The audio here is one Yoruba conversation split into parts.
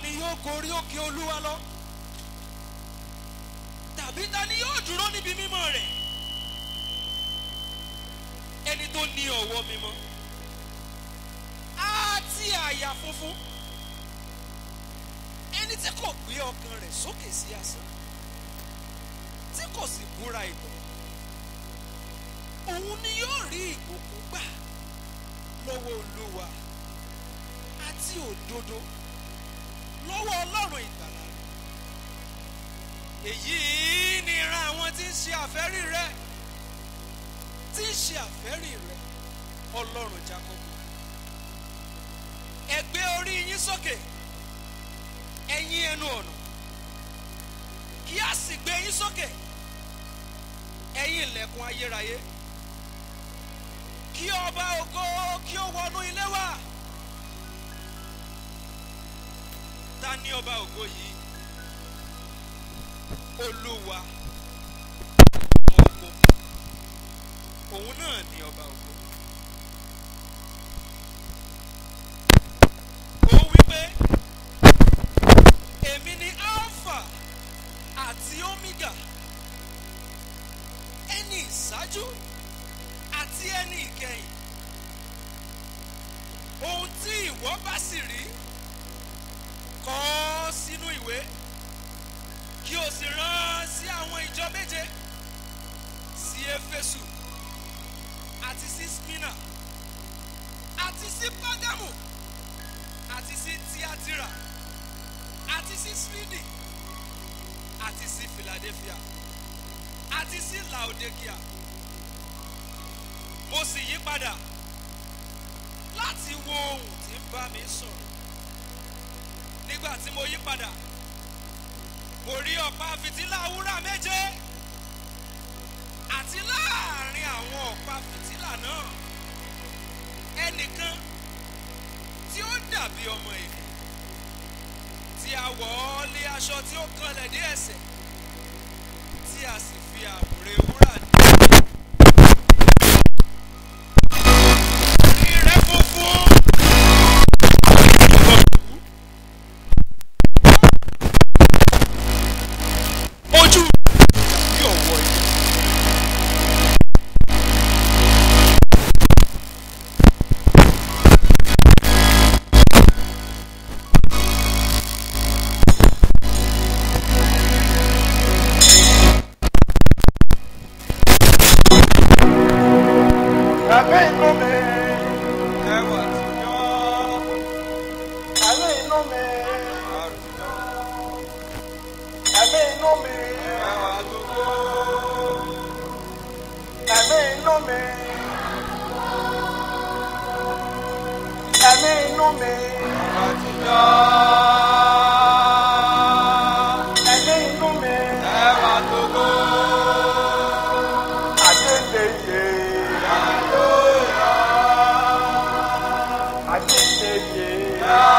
ta ni yóò gorí òkè olúwa lọ tàbí ta ni yóò dúró níbi mímọ́ rẹ̀ ẹni tó ní ọwọ́ mímọ́ àti àyà funfun ẹni tí kò gbé ọkàn rẹ̀ sókè sí asán tí kò sì búra ìtàn òun ni yóò rí ìbùkún gbà lọ́wọ́ olúwa àti òdodo lọ́wọ́ ọlọ́run ìgbàlà èyí ni ìran àwọn tí ń ṣe àfẹ́rí rẹ tí ń ṣe àfẹ́rí rẹ ọlọ́run Jákọ́bù ẹ gbé orí yín sókè ẹ̀yin ẹnu ọ̀nà kí a sì gbé yín sókè ẹ̀yin ilẹ̀kùn ayérayé kí ọba ògo kí ó wọnú ilé wa. ta ni ọba ògo yìí olúwa ògo òun náà ni ọba ògo. ó wípé èmi ni alpha àti omega ẹni ìṣáájú àti ẹni ìkẹyìn ohun tí ìwọ bá sì rí kọ ọ́ sínú ìwé kí o sì rán sí àwọn ìjọ méje sí Éfésù àti sí Spina àti sí Págámù àti sí Tíátírà àti sí Sírídì àti sí Filadelfia àti sí Laodikia mo sì yí padà láti wo ohun tí ń bá mi sọ̀rọ̀ nígbà tí mo yí padà mo rí ọ̀pá fìtílà wúrà méje àti láàrin àwọn ọ̀pá fìtílà náà ẹnìkan tí ó dàbí ọmọ ènìyàn tí a wọ̀ ọ́ lé aṣọ tí ó kanlẹ̀ dé ẹsẹ̀ tí a sì fi àmùrè wúrà dé. Amen, inú mi. Amen, àtijọ́. Àbẹ́ Amen, mi. Ẹwà Amen, Àbẹ́ inú Amen, Ẹwà àtijọ́. Àbẹ́ inú mi. Àbẹ́ inú mi. Ẹwà àtijọ́. Yeah.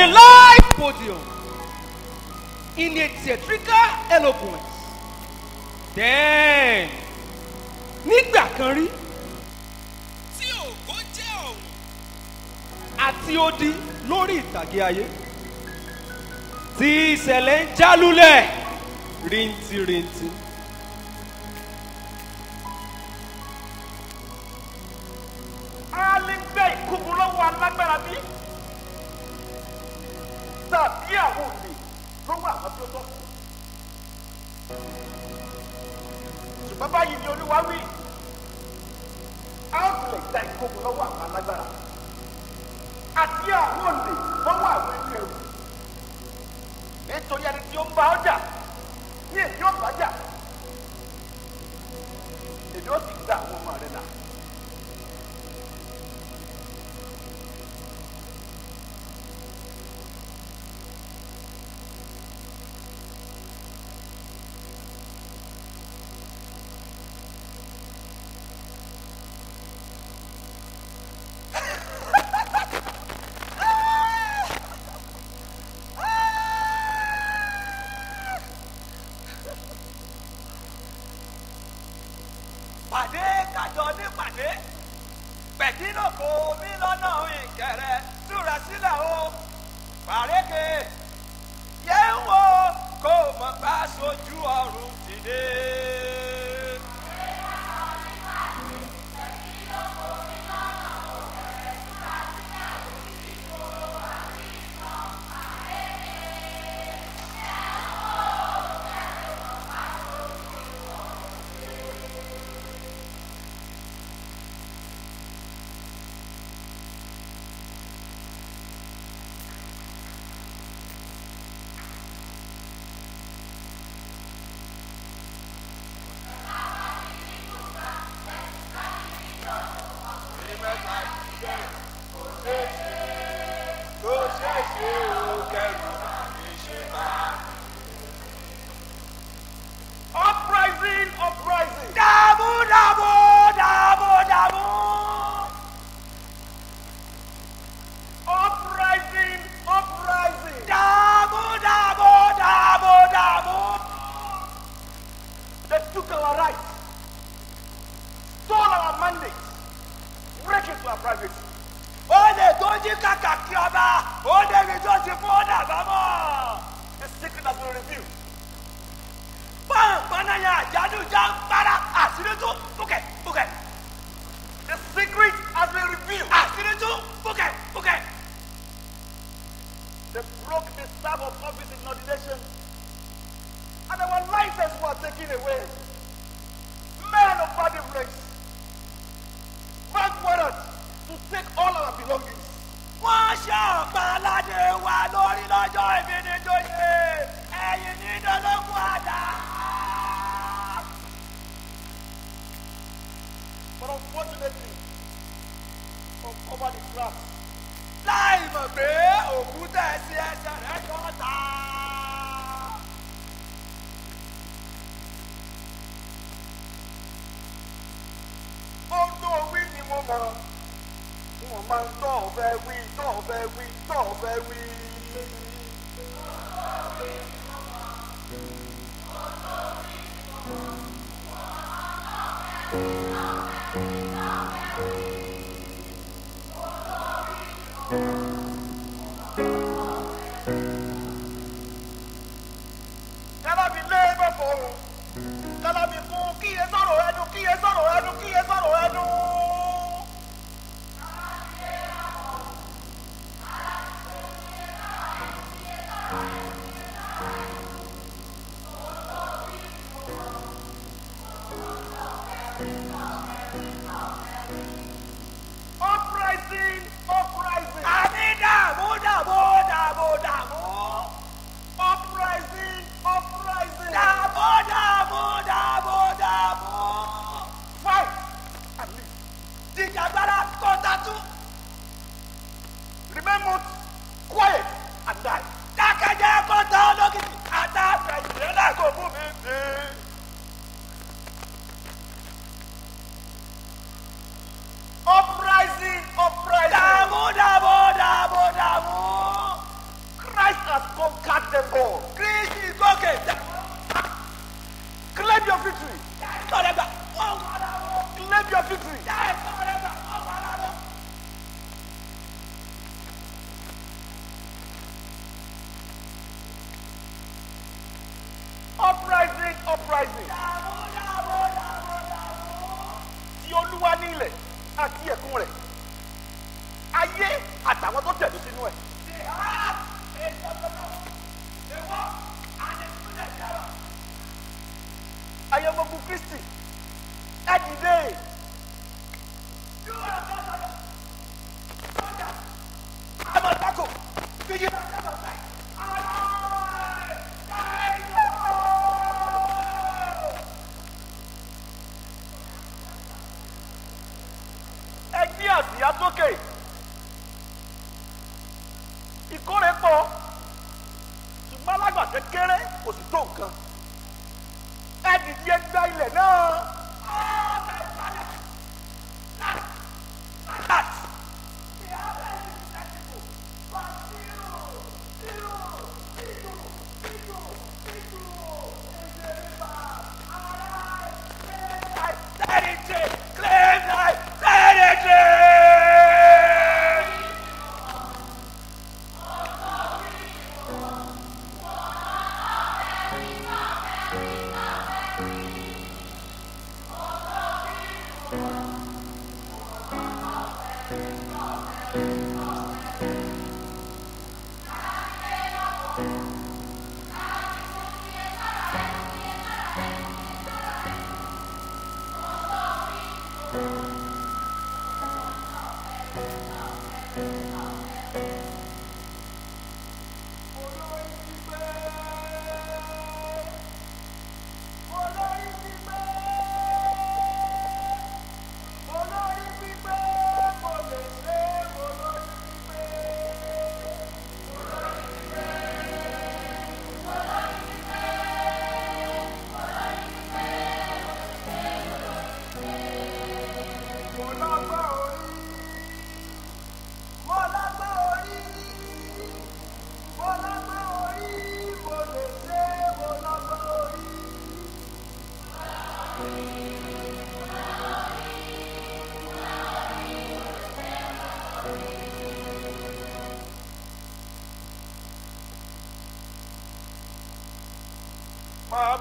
on a live podium in a theatrical eloquence. Then, nígbà kan rí. Tí ògo jẹ́ ọ̀hún. Àti odi lórí ìtàgé ayé. Tí ìṣẹ̀lẹ̀ ń jálulẹ̀ rintirinti. A lè gbé ìkúgun lọ́wọ́ alágbára bí tàbí àwọn òde lọ́wọ́ àwọn tí ó tọ́ fún. ṣùgbọ́n báyìí ni olúwa wí outlet da ìkókò lọ́wọ́ àwọn alágbára àti àwọn òde lọ́wọ́ àwọn ẹni ẹ̀rù nítorí ẹni tí ó ń bá ọjà ní èyí ọ̀bájà èyí ó sì gba àwọn ọmọ rẹ̀ náà. from over the ground láì mọ̀ pé òkú tẹ̀ sí ẹsẹ̀ rẹ̀ tọ́ta. ó tó wí ni mo mọ̀ wọn máa ń tọ́ ọ̀fẹ́ wí tọ́ ọ̀fẹ́ wí tọ́ ọ̀fẹ́ wí. Thank you.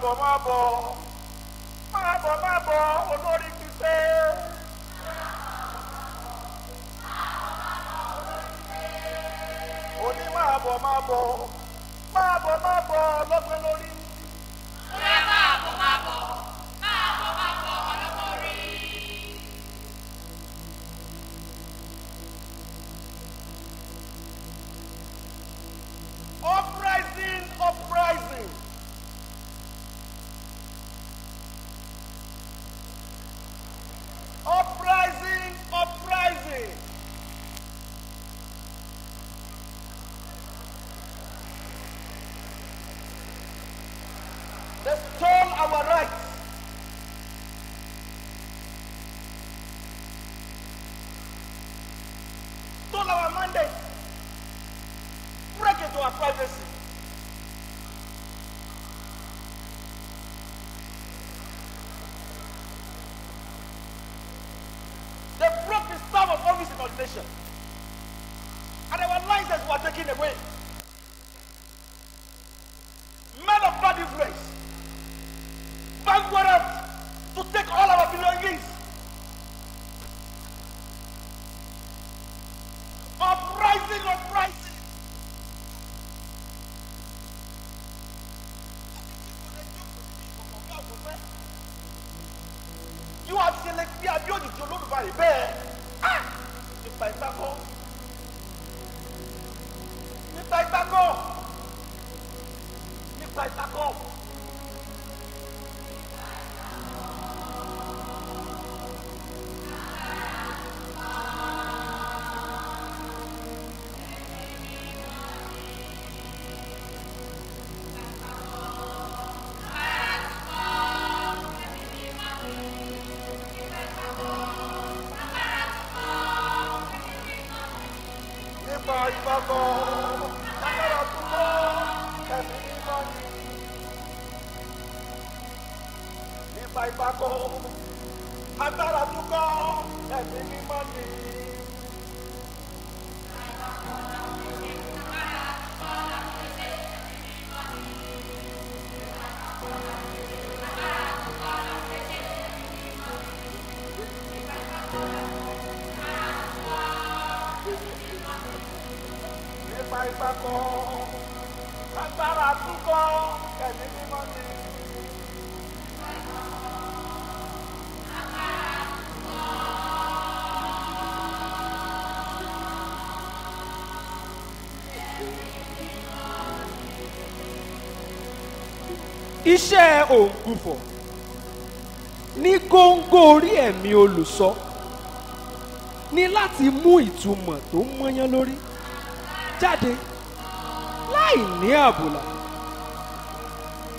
bọ̀ má bọ̀ má bọ̀ má bọ̀ olórí ti pé. oní má bọ̀ má bọ̀. my privacy. They broke the staff of office in ordination. And our licenses were taken away. Men of bad influence. Bankrupt to take all our belongings. Uprising, uprising. 预备，啊，一百三。papọ̀ agbára túkọ̀ ẹ̀mí mímọ́ ni. iṣẹ́ òǹkùfọ̀ ní góńgó orí ẹ̀mí olùsọ ni láti mú ìtumọ̀ tó mọ́yán lórí jáde láì ní àbùlà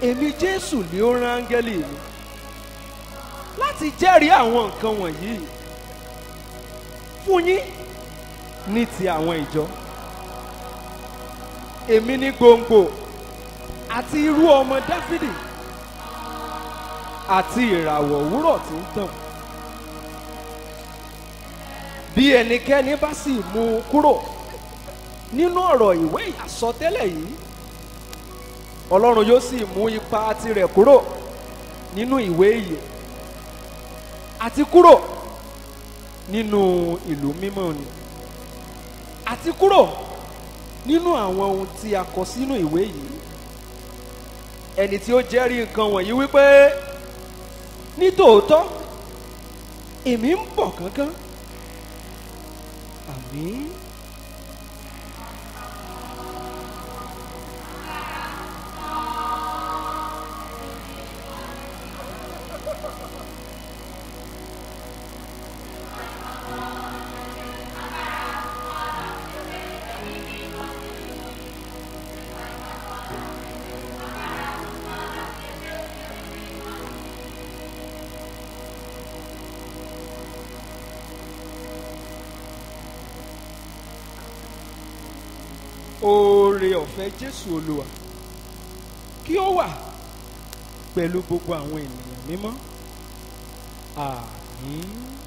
èmi Jésù ni ó rán áńgẹ́lì mi láti jẹ́rìí àwọn nǹkan wọ̀nyí fún yín ní ti àwọn ìjọ èmi ní gbòǹgbò àti irú ọmọ Dáfídì àti ìràwọ̀ òwúrọ̀ tí ń tàn bí ẹnikẹ́ni bá sì mú un kúrò nínú ọ̀rọ̀ ìwé ìyàsọtẹ́lẹ̀ yìí ọlọ́run yóò sì mú ipa tirẹ̀ kúrò nínú ìwé ìyè àti kúrò nínú ìlú mímọ́ ni àti kúrò nínú àwọn ohun tí a kọ sínú ìwé yìí ẹni tí ó jẹ́rìí nǹkan wọ̀nyí wípé nítòótọ́ èmi ń bọ̀ kánkán àmín. oore ọ̀fẹ́ Jésù Olúwa kí ó wà pẹ̀lú gbogbo àwọn ènìyàn mímọ́ àmín.